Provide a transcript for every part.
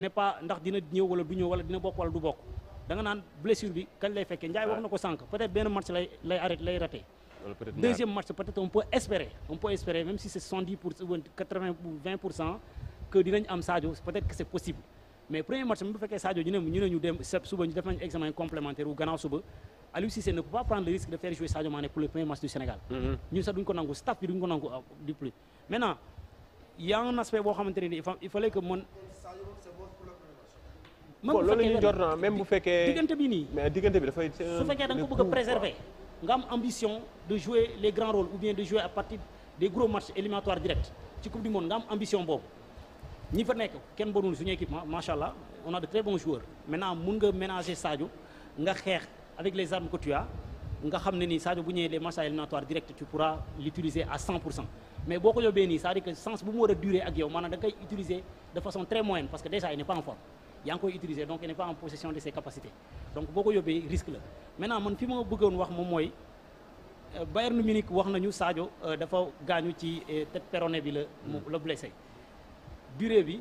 n'est ndax dina ñëw wala du ñëw wala dina bokk wala du bokk da naan blessure bi kañ lay fekkee Ndiaye wax na ko sànq peut-être match lay lay deuxième match peut on peut espérer on peut espérer même si c'est soixante-dix pour quatre-vingt dinañ am Sadio peut-être que c'est possible mais premier match bi bu fekkee Sadio ñu ne ñu ne ñu dem suba ñu def nañ examen complémentaire wu gannaaw suba Aliou Cissé ne peut pas prendre le risque de faire jouer Sadio même bu fekkee loolu jot même bu fekkee diggante bi nii. mais diggante bi dafay. su fekkee da nga a préserver nga am ambition de jouer les grands rôles ou bien de jouer à partir des gros matchs éliminatoires directs ci coupe du monde nga am ambition boobu ñi fa nekk kenn bonu suñu équipe ah, macha allah on a de très bons joueurs maintenant mun nga ménager Sadio nga xeex avec les armes que nga xam ne ni Sadio bu ñëwee les matchs éliminatoires directs tu pourras l'utiliser à 100 pour cent mais boo ko yóbbee nii c'est-à-dire que sens bu mu war a durer ak yow maanaam da nga koy utiliser de façon très moyenne parce que déjà il n'est pas en forme yaa ngi koy utiliser donc il n'est pas en possession de ses capacités donc boo ko yóbbee risque la maintenant man fi ma bëggoon wax moom mooy euh, Bayern Munich wax nañu Sadio euh, dafa gaañu ci euh, tête péroné bi la hmm. la blessé durée bi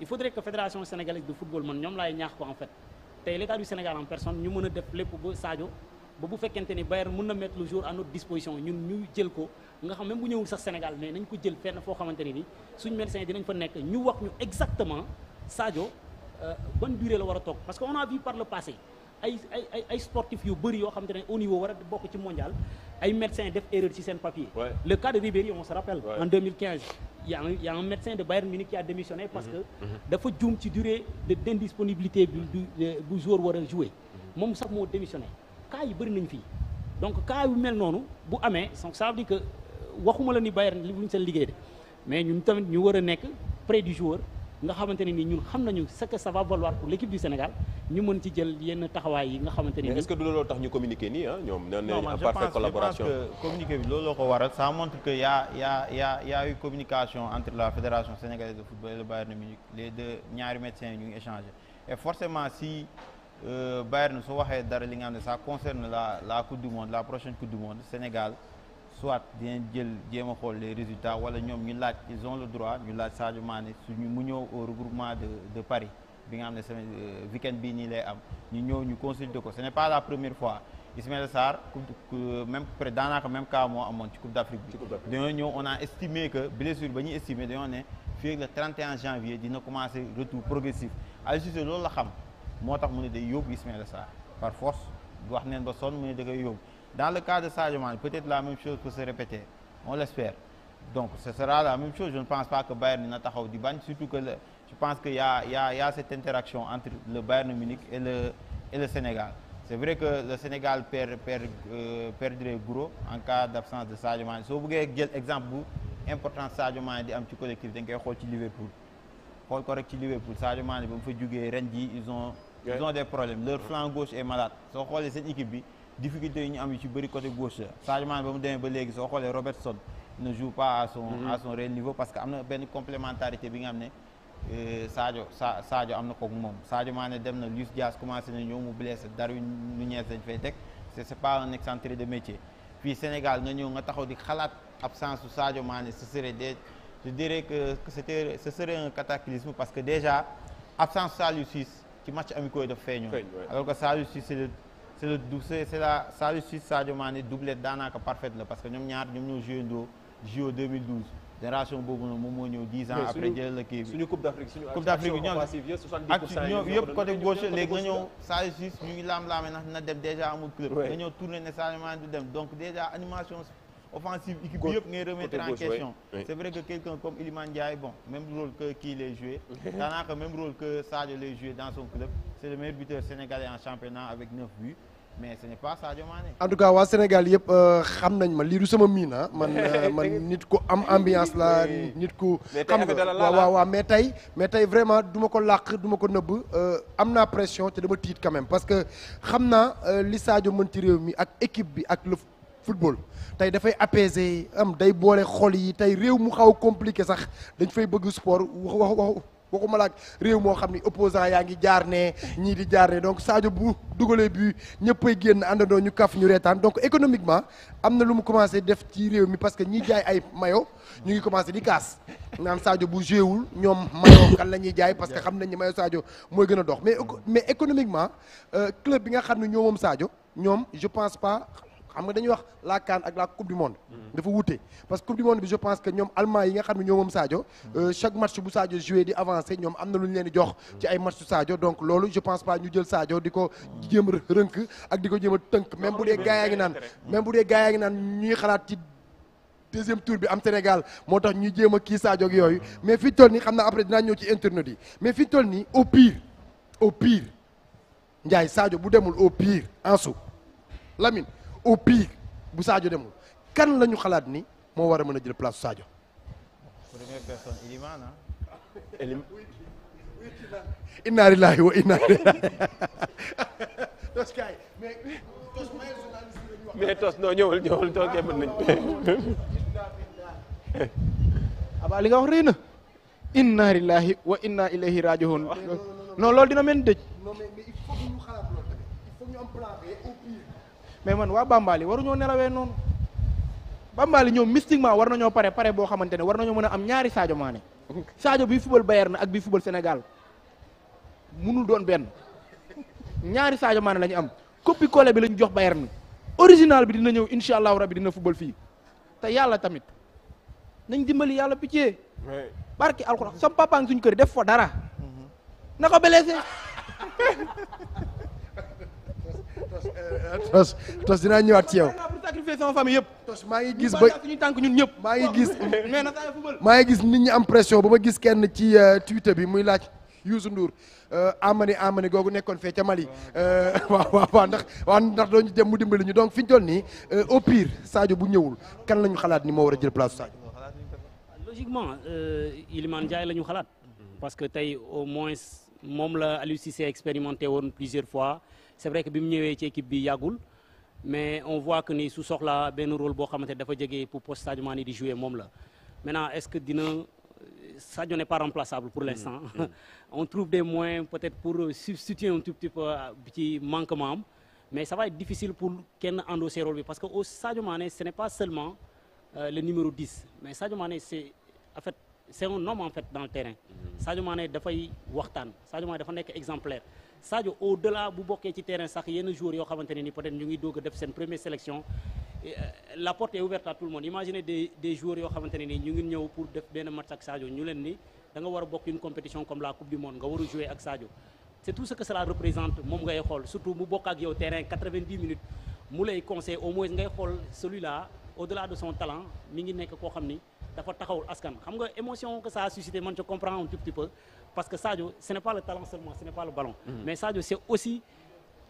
il faudrait que fédération sénégalaise de football man ñoom laay ñaax ko en fait tey l'état du ñu mën a def lépp ba ba bu fekkente ni Bayern mën na mettre le jour à notre disposition ñun ñu jël ko nga xam même bu ñëwul sax Sénégal mais nañ ko jël fenn foo xamante ni ni suñu médecin dinañ fa nekk ñu wax ñu exactement Sadio euh, ban durée la war a toog parce que on a par le passé ay ay ay yu bëri yoo xamante ne au niveau war a bokk ci mondial ay médecins def erreur ci seen papier. le cas de Ribéry on se rappelle. en 2015 y' a un y' a un médecin de Bayern Munich qui démissionné. parce mm-hmm. Mm-hmm. dafa juum ci durée de d' indisponibilité bu bu joueur war mm-hmm. moom sax moo démissionné. cas yi bëri nañ fii donc cas yu mel noonu bu amee donc ça dire que euh, waxuma la ni Bayern li luñ seen liggéey de mais ñun tamit ñu war a nekk près du joueur nga xamante ne ni ñun xam nañu sa que ça va valoir pour l' équipe du Sénégal ñu mën ci jël yenn taxawaay yi nga xamante ne. est ce que du looloo tax ñu communiquer nii ah ñoom. nee nañu en parfaite collaboration non je pense que montre que y' a y' a y' a y' a eu communication entre la fédération sénégalaise de football et le Bayern Munich les deux ñaari ñu ngi échangé Euh, na su waxee dara li nga xam ne ça concerne la la coupe du monde la prochaine coupe du monde Sénégal soit dinañ jël jéem a xool les résultats wala ñoom ñu laaj ils ont le droit ñu laaj Sadio Mané suñu mu ñëw au regroupement de de Paris bi nga xam ne semaine euh, weekend bi nii lay am ñu ñëw ñu consulter ko ce n'est pas la première fois Ismaël Sarr euh, même près daanaka même cas moo amoon ci coupe d'Afrique bi dañoo ñëw on a estimé que blessure ba ñuy estimé dañoo ne fii ak loolu la xam moo tax mu ne day yóbbu Ismaïla Sarr par force wax neen ba sonn mu ne da koy yóbbu dans le cas de Sadio peut-être la même chose peut se répéter on l'espère donc ce sera la même chose je ne pense pas que Bayern dina taxaw di bañ surtout que le, je pense que y a y a cette interaction entre le Bayern Munich et le et le Sénégal c'est vrai que le Sénégal perd perd euh, perdrait gros en cas d'absence de Sadio soo bëggee jël exemple bu importance Sadio Mané di am ci collectif dañ koy xool ci Liverpool xool ko rek ci Liverpool Sadio Mané ba mu ren ji ils ils ont des problèmes leur flanc gauche est malade soo xoolee seen équipe bi difficulté yi ñu am yu ci bëri côté gauche la Sadio Mané ba mu demee ba léegi soo xoolee Robertson ne joue pas à son mm-hmm. à niveau parce que am na benn complémentarité bi nga xam ne euh, Sadio sa Sadio am na kook moom Sadio Mané dem na Luis Diaz commencé na ñëw mu blessé Darwin Nunez dañ fay teg c' est pas un excentré de métier fii Sénégal nga ñëw nga taxaw di xalaat absence su Sadio Mané ce serait des je dirais que parce que déjà absence Saliou Ciss ci match amicaux yi daf feeñoon alors que Sadio Cissé c'est le c'est le la Sadio Cissé Sadio Mané doublette daanaka parfaite la parce que ñoom ñaar ñoom ñoo joué ndoo JO 2012 génération boobu noonu moom moo ñëw la kii bi suñu coupe d'Afrique suñu coupe d'Afrique ñoom ak ñoom yëpp côté gauche léegi nga ñëw Sadio Cissé ñu ngi laam-laamee dem déjà amul club nga ñëw tourné ne Sadio Mané du dem donc déjà animation offensive équipe bi yëpp ngay remettre en question c'est vrai que quelqu'un comme Iliman Ndiaye bon même rôle que kii lay joué daanaka même rôle que Sadio lay joué dans son club c'est le meilleur buteur sénégalais en championnat avec 9 buts mais ce n'est pas Sadio Mané. en tout cas waa Sénégal yëpp euh, xam nañ ma lii du sama miin ah man euh, nit ko am ambiance la nit ku. xam nga waaw waaw waaw mais tey mais tey vraiment du ma ko làq du ma ko nëbb euh, am naa pression te dama tiit quand même parce que xam naa li Sadio mën ci réew mi ak équipe bi ak football tey dafay apaiser am day boole xol yi tey réew mu xaw a compliqué sax dañ fay bëgg sport wax wax waxuma laak réew moo xam ni opposant yaa ngi jaar ne ñii di jaar ne donc saajo bu dugalee bi ñëppay génn àndandoo ñu kaf ñu reetaan donc économiquement am na lu mu commencé def ci réew mi parce que ñi jaay ay mayo ñu ngi commencé di kaas naan Sadio bu jéewul ñoom mayo kan la ñuy jaay parce que xam nañ ne mayo Sadio mooy gën a dox mais mais économiquement euh, bi nga xam ne ñoo moom xam nga dañuy wax la CAN ak la coupe du monde dafa wute parce que coupe du monde bi je pense que ñoom allemand yi nga xam ne ñoo moom Sadio euh, chaque match bu Sadio joué di avancé ñoom am na lu ñu leen jox ci ay match Sadio donc loolu je pense pas ñu jël Sadio di ko jéem a rënk ak di ko jéem a tënk même bu dee gaa ngi naan même bu dee gaa yaa naan ñuy xalaat ci deuxième tour bi am Sénégal moo tax ñu jéem a kii Sadio yooyu mais fi toll nii xam naa après dinaa ñëw ci internet yi mais fi toll nii au pire au pire Ndiaye Sadio bu demul au pire Ansu au pire bu Sadio demul kan la ñu xalaat ni moo war a mën a jël place Sadio. première personne Iliman ah. Iliman. inna lillahi wa inna ilayhi tos kaay mais tos mayel journaliste la ñu wax. mais tos non ñëwal ñëwal tos kay mën nañu. abaa li nga wax rëy na. inna lillahi wa inna ilayhi rajiun non loolu dina mel ni dëj. non mais il faut ñu xalaat loolu tamit il faut ñu am plan B au pire. mais man waa Bambali waruñoo nelawee noonu Bambali ñoom mystiquement war nañoo pare pare boo xamante ne war nañoo mën a am ñaari Sadio Mané Sadio bi fubal Bayern na ak bi fubal Sénégal munul doon benn ñaari Sadio Mané lañu am copie collé bi la jox Bayern na original bi dina ñëw incha allahu bi dina fubal fii te yàlla tamit nañ dimbali yàlla pitié barki alxuraan sam papa ngi kër def fa dara mhm. na ko blessé tos tos dinaa ñëwaat ci yëpp. tos maa ngi gis ba ñu tànk ñun ñëpp. maa ngi gis maa ngi gis nit ñi am pression ba ma gis kenn ci euh, Twitter bi muy laaj Youssou Ndour amani euh, amani googu nekkoon fee ca Mali. Euh, waaw waaw waaw ndax waaw ndax doo ñu mu dimbali ñu donc fiñ ñu toll nii au pire Sadio bu ñëwul kan la xalaat ni moo war a jël place Sadio. logiquement Iliman que tey au moins. moom la Aliou Cissé expérimenté woon plusieurs fois c'est vrai que bi mu ñëwee ci équipe bi mais on voit que ni su soxla benn rôle boo xamante dafa jege pour poste Sadio Mané di jouer moom la maintenant est-ce que dina Sadio n'est pas remplaçable pour l'instant mmh, mmh. on trouve des moyens peut-être pour substituer un tout petit peu manquement mais ça va être difficile pour kenn endosser rôle bi parce que au Sadio Mané ce n'est pas seulement euh, le numéro c'est un homme en fait dans le terrain mm-hmm. Sadio Mané dafay waxtaan Sadio Mané dafa nekk exemplaire Sadio au delà bu bokkee ci terrain sax yenn joueurs yoo xamante ne ni peut être ñu ngi doog a def seen première sélection euh, la porte est ouverte à tout le monde imaginez des joueurs yoo xamante nii ñu ngi ñëw pour def benn match ak Sadio ñu leen ni da nga war a bokk une compétition comme la coupe du monde nga war a jouer ak Sadio c'est tout ce que cela représente moom ngay ngay xool celui-là au mi ngi nekk koo xam ni dafa taxawul askan xam nga émotion que ça a suscité man je comprends un tout petit peu parce que Sadio ce n'est pas le talent seulement ce n'est pas le ballon mm-hmm. mais Sadio c'est aussi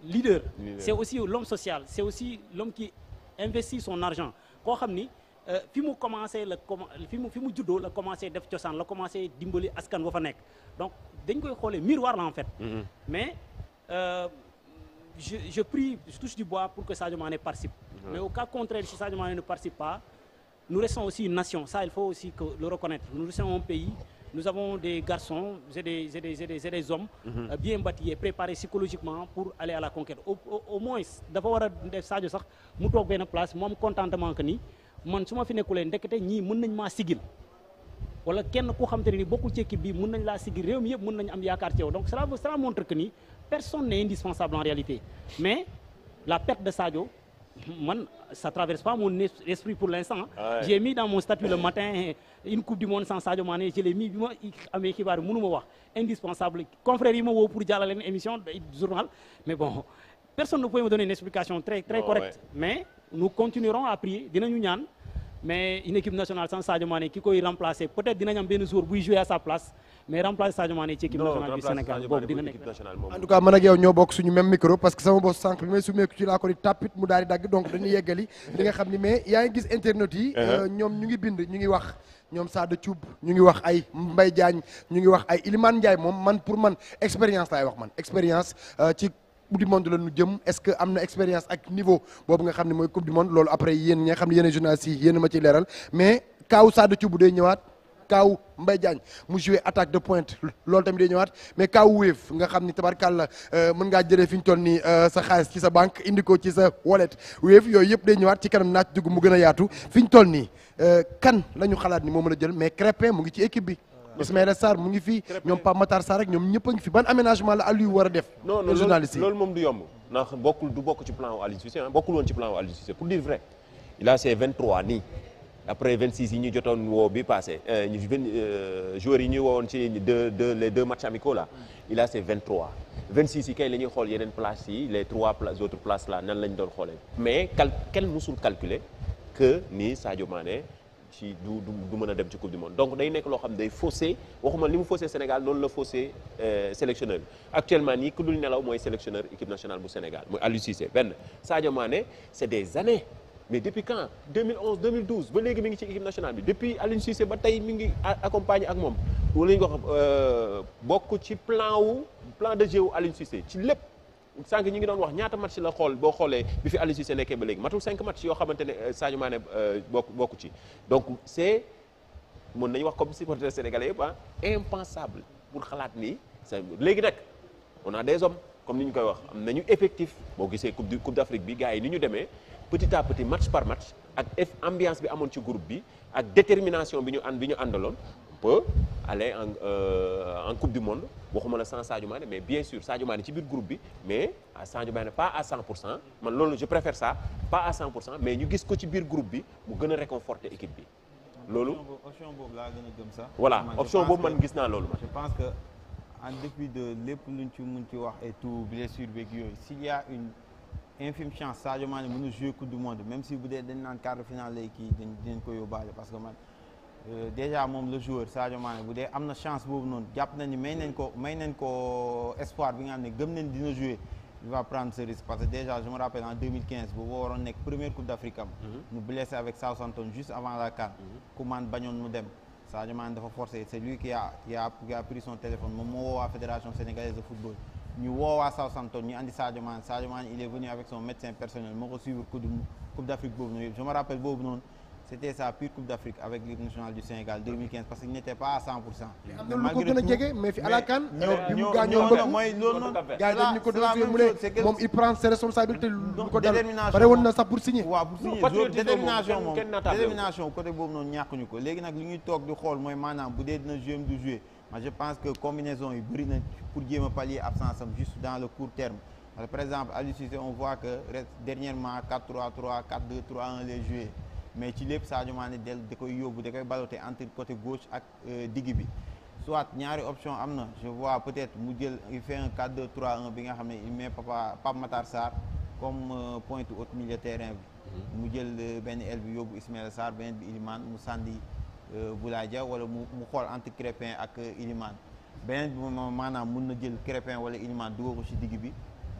leader, c'est aussi l'homme social c'est aussi l'homme qui investit son argent koo xam ni euh, fi mu commencé la com fi mu fi mu juddoo la commencé def cosaan la commencé dimbali askan wa fa nekk donc dañ koy xoole miroir la en fait mm-hmm. mais euh, je je prie je touche du bois pour que Sadio Mané participe mais au cas contraire si Sadio Nous restons aussi une nation, ça il faut aussi que le reconnaître. Nous restons un pays, nous avons des garçons et des, et mhm. euh, bien bâtis et préparés psychologiquement pour aller à la conquête. Au, au, au moins dafa war a def sax mu toog benn place mu am contentement que nii man su ma fi nekkulee ndekete ñii mun nañ maa sigil wala kenn ku xam te ne ni bokkul ci bi mën nañ laa sigil réew mi yëpp mën nañ am yaakaar ci yow donc cela cela montre que ni personne n'est indispensable mais la perte de Sadio man ça traverse pas mon esprit pour l'instant ah dans mon statut le matin eh, une coupe du monde sans Sadio Mané je l'ai mis bi ma amee xibaar mënu ma wax indispensable confrère yi ma woo pour jàllale leen émission journal mais bon personne ne pouvait me donner une explication très très correcte mais nous continuerons à prier dinañu ñaan mais une équipe nationale sans Sadio Mané ki koy remplacer peut être dinañ am benn jour buy jouer à sa place mais remplacer Sadio ci équipe nationale du Sénégal boobu dina nekk en tout cas man ak yow ñoo bokk suñu même micro parce que sama bopp sànq bi may sumeeku ci laa daal nga xam ni internet uh-huh. euh, ñoom ñu ngi bind ñu ngi wax ñoom Sada Thioub ñu wax ay Mbaye Diagne ngi wax ay Ilimane Ndiaye moom man pour man expérience laay wax man expérience euh, ci coupe du monde la ñu jëm est-ce que am na expérience ak niveau boobu nga xam ne mooy coupe du monde loolu après yéen ñi nga xam ne yéen journalistes yi yéen ma ciy leeral mais kaaw Sada Thioub bu ñëwaat kaaw Mbaye Diagne mu joué attaque de pointe lool tamit day ñëwaat mais kaw wéef nga xam ni tabarkàlla euh, mën ngaa jële fi ñu toll nii euh, sa xaalis ci sa banque indiko ci sa wallet wéef yooyu yëpp day ñëwaat ci kanam naaj dugg mu gën a yaatu fi ñu toll nii euh, kan la ñu xalaat ni moo mën a jël mais Crépin mu ngi ci équipe bi Ismaïla Sarr mu ngi fi ñoom Pape Matar Sarr rek ñoom ñëpp ngi fi ban aménagement la Aliou war a def journaliste yi loolu moom du yomb ndax bokkul du bokk ci plan Aliou Cissé ah, bokkul woon ci plan Aliou Cissé pour dire vrai il a ses 23 nii après 26 yi ñu jotoon woo bi passé euh, ñu euh, joueurs yi ñuy woowoon ci deux deux les deux matchs amicaux là il a ses 23 26 yi kay la ñuy xool yeneen place yi les trois places autres places là nan lañ doon xoolee mais cal kenn musul calculer que ni Sadio Mané ci du du mën a dem ci coupe du monde donc day nekk loo xam day faussé waxuma li mu faussé Sénégal noonu la faussé euh, sélectionneur bi actuellement nii ku dul nelaw mooy sélectionneur équipe nationale bu Sénégal mooy Aliou Cissé benn Sadio Mané c'est des années mais depuis quand 2011 2012 ba léegi mi ngi ci équipe nationale bi depuis Aliou Cissé ba tey mi ngi accompagné ak moom wala ñu ko euh, bokk ci plan wu plan de jeu wu Aliou ci lépp. sànq ñi ngi doon wax ñaata match la xool boo xoolee bi fi Aliou Cissé nekkee ba léegi matul 5 match yoo xamante ne euh, Sadio Mané euh, bokku ci donc c' est mën nañu wax comme supporters sénégalais yëpp ah impensable pour xalaat nii léegi nag on a des hommes comme ni ñu koy wax am nañu effectif boo gisee coupe du coupe d' bi gars yi ni ñu demee petit à petit match par match ak ambiance bi amoon ci groupe bi ak détermination bi ñu ànd bi ñu àndaloon peut aller en euh, en coupe du monde waxuma la sans Sadio Mané mais bien sûr Sadio ci biir groupe bi mais à Sadio Mané pas à 100 pour cent man loolu je préfère ça mais ñu gis ko ci biir groupe bi mu gën a réconforter équipe bi. loolu option boobu laa gën a gëm sax. voilà option boobu man gis naa loolu man. je pense que en dépit de lépp luñ ci mun ci wax et tout blessure beeg yooyu s'il y a une infime chance Sadio Mané mën a jouer coupe du monde même si bu dee dañ naan de kii dañ dañ ko yóbbaale parce que man. Euh, déjà moom le joueur Sadio Mané bu dee am na chance boobu noonu jàpp nañu may nañ ko may ko espoir bi nga xam ne gëm nañ dina jouer il va prendre ce parce que déjà je me rappelle en 2015 boobu waroon nekk première coupe d'Afrique am. Mhm. mu blessé avec Southampton juste avant la CAN. Mhm. Koeman bañoon mu dem. Sadio Mané dafa forcé c'est lui qui a qui a qui a pris son téléphone moom moo woowaa fédération sénégalaise de football. ñu woowaa Southampton ñu andi boobu noonu. c'était sa pure Coupe d'Afrique avec l'équipe nationale du Sénégal 2015 parce qu'il n'était pas à 100 pour cent. mais malgré tout mais am na lu ko gën a jege mais fi à la CAN. ñoo ñoo ñoo mooy loolu noonu. gars yi dañu ko doon mu ne moom il prend ses responsabilités. lu ko dal pare woon na sax pour signer. waaw pour signer jour détermination moom détermination côté boobu noonu ñàkkuñu ko léegi nag li ñuy toog di xool mooy maanaam bu je pense que combinaison yi bëri na pour jéem a pallier absence mais ci lépp Sadio Mané dell da koy yóbbu da koy balote entre côté gauche ak euh, digg bi soit ñaari option am na je vois peut-être mu jël fin fait de 4 2 bi nga xam ne il met papa Pape Matar Sarr comme euh, pointe haute milieu terrain bi mhm. mu jël euh, benn aile bi yóbbu Ismaïla Sarr beneen bi Ilimane mu sànni Boulaye ja wala mu mu xool entre Crépin ak Ilimane beneen bi maanaam mun na jël crepin wala Ilimane dugal ko si digg bi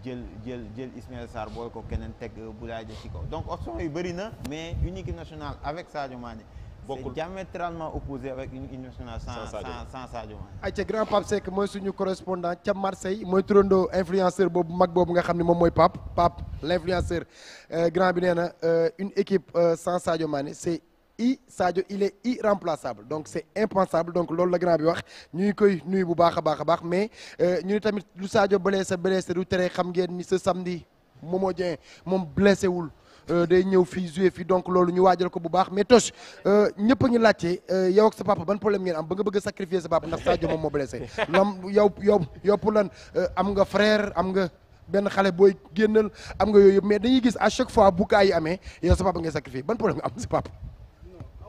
jël jël jël Ismaël Sarr boole ko keneen teg Boulaye Dia ci kaw donc option yu bëri na mais une équipe nationale avec Sadio Mané bokkul diamétralement opposé avec une nationale sans sans Sadio ay ca grand Pape Seck mooy suñu correspondant ca Marseille mooy turandoo influenceur boobu mag boobu nga xam ne moom mooy Pape Pape l'influenceur euh, grand bi nee na euh, une équipe euh, sans Sadio Mané i Sadio il est irremplaçable donc c'est impensable donc loolu la grand bi wax ñu ngi koy nuyu bu baax a baax a baax mais euh, ñu ni tamit lu Sadio blessé blessé du tere xam ngeen ni ce samedi moo Dieng moom blessé wul euh, day ñëw fii joué fii donc loolu ñu waajal ko bu baax mais Toch euh, ñëpp a ngi laajte yow ak sa papa ban problème ngeen am ba nga bëgg a sacrifier sa papa ndax Sadio moom moo blessé lam yow yow yow lan am nga frère am nga benn xale booy génnal am nga yooyu yëpp mais dañuy gis chaque fois bu kaa yi amee ban problème nga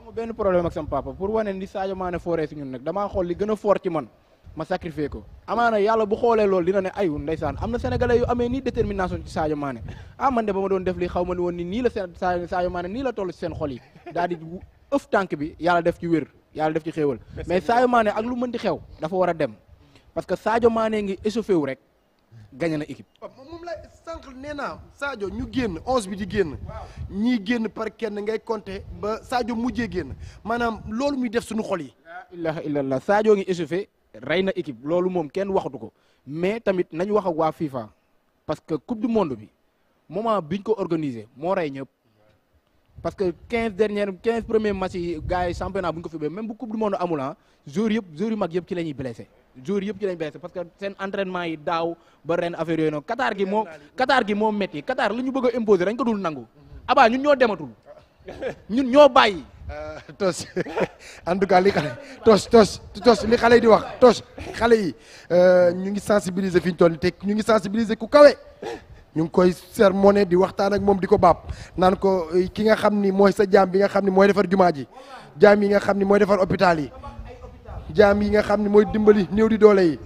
amu benn problème ak sama papa pour wane ni Sadio Mané fooree si ñun nag damaa xool li gën a ci man ma sacrifié ko amaana yàlla bu xoolee loolu dina ne ayu ndeysaan am na sénégalais yu amee nii détermination ci Sadio Mané ah man de ba doon def lii xaw ma woon nii la seen Sadio Mané nii la toll seen xol yi ëf tànk bi yàlla def ci wér yàlla def ci xéewal mais Sadio Mané ak lu mën xew dafa war a dem parce que Sadio Mané ngi échauffé wu rek gañe na équipe. moom la sànq nee naa Sadio ñu génn onze bi di génn. ñi génn par kenn ngay compter ba Sadio mujjee génn maanaam loolu muy def suñu xol yi. ilaha illallah Sadio ngi échauffé rey na équipe loolu moom kenn waxatu ko mais tamit nañu wax ak waa FIFA parce que coupe du monde bi moment biñ ko organisé moo rey ñëpp. parce que quinze dernières quinze premiers matchs yi gars yi championnat bu ñu ko fi ba bu coupe du monde amul ah yëpp joueurs yu mag yëpp ci la ñuy blessé. jour yëpp ci lañ blessé parce que seen entraînement yi daaw ba ren affaire yooyu noonu Qatar gi moo Qatar gi moo metti Qatar li ñu bëgg a imposer dañ ko dul nangu abaa ñun ñoo dematul ñun ñoo bàyyi euh, tos en tout cas li xale tos tos tos li xale yi di wax tos xale yi euh, ñu ngi sensibiliser fi ñu toll te ñu ngi sensibiliser ku kawe ñu ngi koy sermonné di waxtaan ak moom di ko baab naan ko euh, ki nga xam ni mooy sa jaam bi nga xam ni mooy defar jumaa ji jaam yi nga xam ni mooy defar hôpital yi jaam yi nga xam ne mooy dimbali néew di doole yi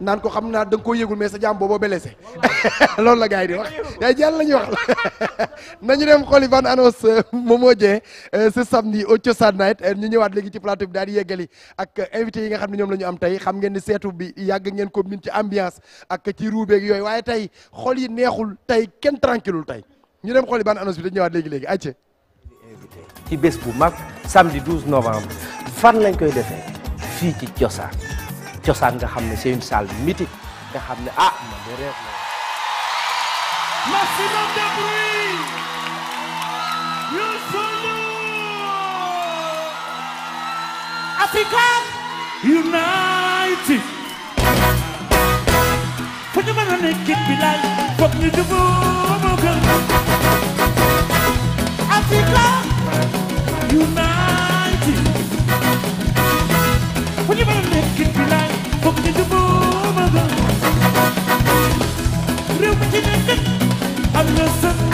naan ko xam naa da nga koo yëgul mais sa jaam booboo blessé loolu la gaa yi di wax yaay jàll la ñuy wax ñu dem xooli ban annonce euh, Momo Dieng euh, ce samedi au Cosaan Night euh, ñu ñëwaat léegi ci plateau bi daal di yeggali ak invité yi nga xam ne ñoom lañu am tey xam ngeen ni seetu bi yàgg ngeen ko min ci ambiance ak ci ruubeeg yooyu waaye tey xol yi neexul tey kenn tranquillul tey ñu dem xooli ban annonce bi dañu ñëwaat léegi léegi acce ci bés bu mag samedi 12 fan lañ koy defee fii ci cosaan cosaan nga xam ne c'est une salle mythique nga xam ne ah man de rêve la maximum de bruit United fu ñu mën a nekkit united When you wanna make it right Foog ñu jubóo ma gën réew mi ci nekk am na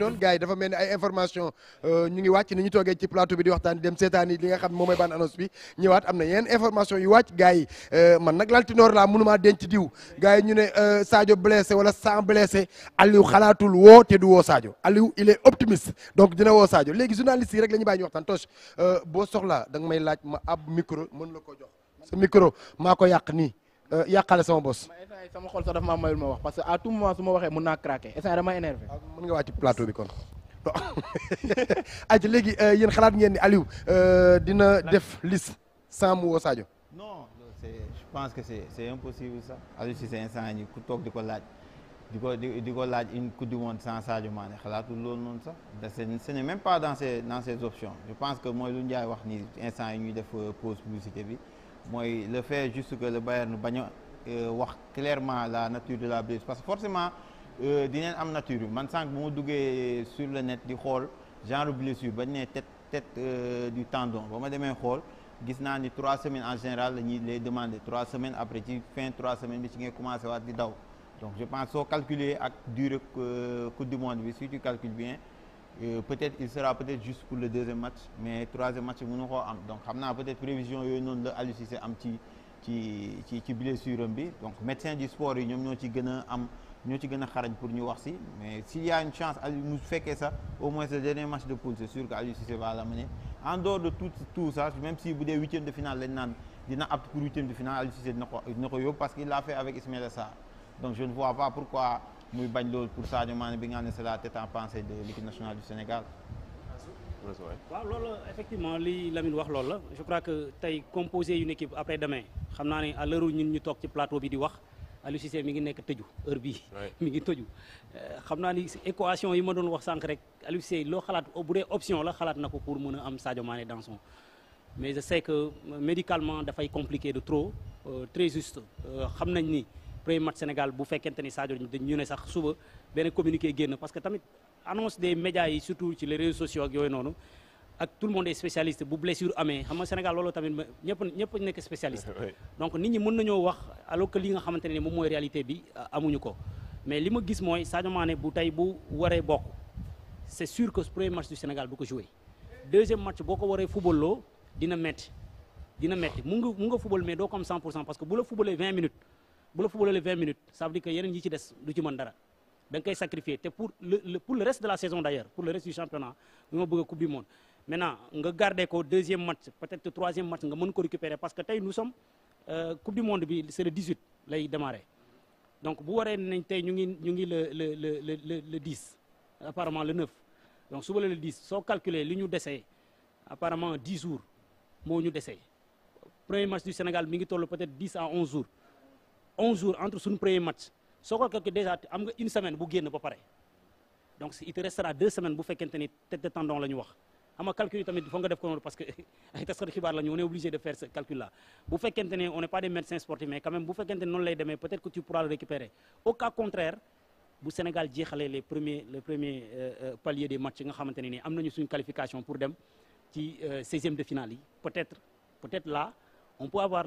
ngi noonu gars yi dafa mel ni ay information euh, ñu ngi wàcc ni ñu toogee ci plateau bi di waxtaan dem seetaani li nga xam moom mooy bande annonce bi ñëwaat am na yenn information yu wàcc gars yi euh, man nag Laltinoor laa mënumaa denc diw gars yi ñu ne euh, Sadio blessé wala sans blessé aliw xalaatul woo te du woo Sadio Aliou il est optimiste donc dina woo saajo léegi journaliste yi rek la ñu bàyyi ñu waxtaan Toch boo soxlaa da may laaj ma ab micro mën la ko jox sa micro maa ko yàq nii Euh, yàqale sama bos. sama xol sax dafa maa mayul ma wax parce que à tout moment su ma waxee mun naa craquer instant dama énervé. Ah, mën nga wàcc plateau bi kon. ayca léegi euh, yéen xalaat ngeen ni Aliou euh, dina def liste sans mu woo Sadio. non c'est je pense que c'est c'est impossible ça Aliou Cissé instant yi ku toog di ko laaj di ko di ko laaj une coupe du monde sans Sadio Mané xalaatul loolu noonu sa ce ce n'est même pas dans ces dans ces options je pense que mooy lu wax ni instant yi ñuy def pause publicité bi. mooy le fait juste que le Bayern bañ euh, wax clairement la nature de la blessure parce que forcément euh, dinañ am nature man sànq bu ma duggee sur le net di xool genre blessure bañ ne tête tête euh, du tendon ba ma demee xool gis naa ni trois semaines en général la ñuy lay demande trois semaines après ci fin trois semaines bi ci ngay commencé waat di daw donc je pense soo calculer ak durée coupe du monde bi si tu bien Euh, peut-être il sera peut-être juste pour le deuxième match mais troisième match mënu koo am donc xam naa peut-être prévision yooyu noonu la Aliou Cissé am ci ci blessure bi donc médecin du sport yi ñoom ñoo ci gën am ñoo ci gën xarañ pour ñu wax si mais s'il y une chance Aliou mu fekkee sax au moins le dernier match de poule c'est sûr que Aliou Cissé va l'amener en dehors de tout tout même si bu dee huitième de finale lañ naan dina apte pour huitième de finale muy bañ loolu pour Sadio Mané bi nga xam ne c'est la tête en de l'équipe nationale du Sénégal. waaw loolu effectivement li Lamine wax loolu la je crois que tey composé une équipe après demain xam naa ne à l'heure ñun ñu toog ci plateau bi di wax Aliou Cissé mi ngi nekk tëju heure bii. mi ngi tëju. Euh, xam naa ni équation yi ma doon wax sànq rek Aliou loo xalaat oh, bu dee option la xalaat na ko pour mën a am Sadio Mané dans son mais je sais que euh, médicalement dafay compliqué de trop euh, très juste euh, xam nañ ni. premier match Sénégal bu fekkente ni Sadio ñu ne sax suba benn communiqué génn parce que tamit annonce des médias yi surtout ci les réseaux sociaux ak yooyu noonu ak tout le monde est spécialiste bu blessure amee xam nga Sénégal li nga xamante ne mooy réalité bi euh, amuñu ko mais li ma gis mooy Sadio Mané bu tey bu waree bokk c'est sûr que premier match du Sénégal du ko joué deuxième match boo ko waree football dina metti dina metti mu nga football mais doo ko am 100 pour cent parce que bu la footballalee vingt minutes ça veut dire que yeneen yi ci des du ci mën dara da koy sacrifier te pour le pour le de la saison d' ailleurs pour le reste du championnat bi ma nga garder ko deuxième match peut-être troisième match nga mën ko récupérer parce que tey nous sommes euh, coupe du monde bi c' est le 18 lay démarrer donc bu waree nañ tey ñu ngi ñu ngi le le le le le 10 apparemment le 9 donc suba la le 10 soo calculer li ñu desee apparemment 10 jours moo ñu desee premier match du mi ngi toll peut-être 10 à 11 jours. 11 jours entre suñu premier match soo ko calculé déjà am nga une semaine bu génn ba pare donc il te restera deux semaines bu fekkente ni tête de tendon la wax xam calcul yi tamit foog nga def ko noonu parce que ay taskatu xibaar la ñu on est obligé de faire ce calcul là bu fekkente noonu lay demee peut-être que tu pourras le récupérer au cas contraire bu Sénégal jeexalee les premiers euh, euh, paliers des matchs nga xamante ni am nañu suñ qualification pour dem ci euh, seizième de finale yi on peut avoir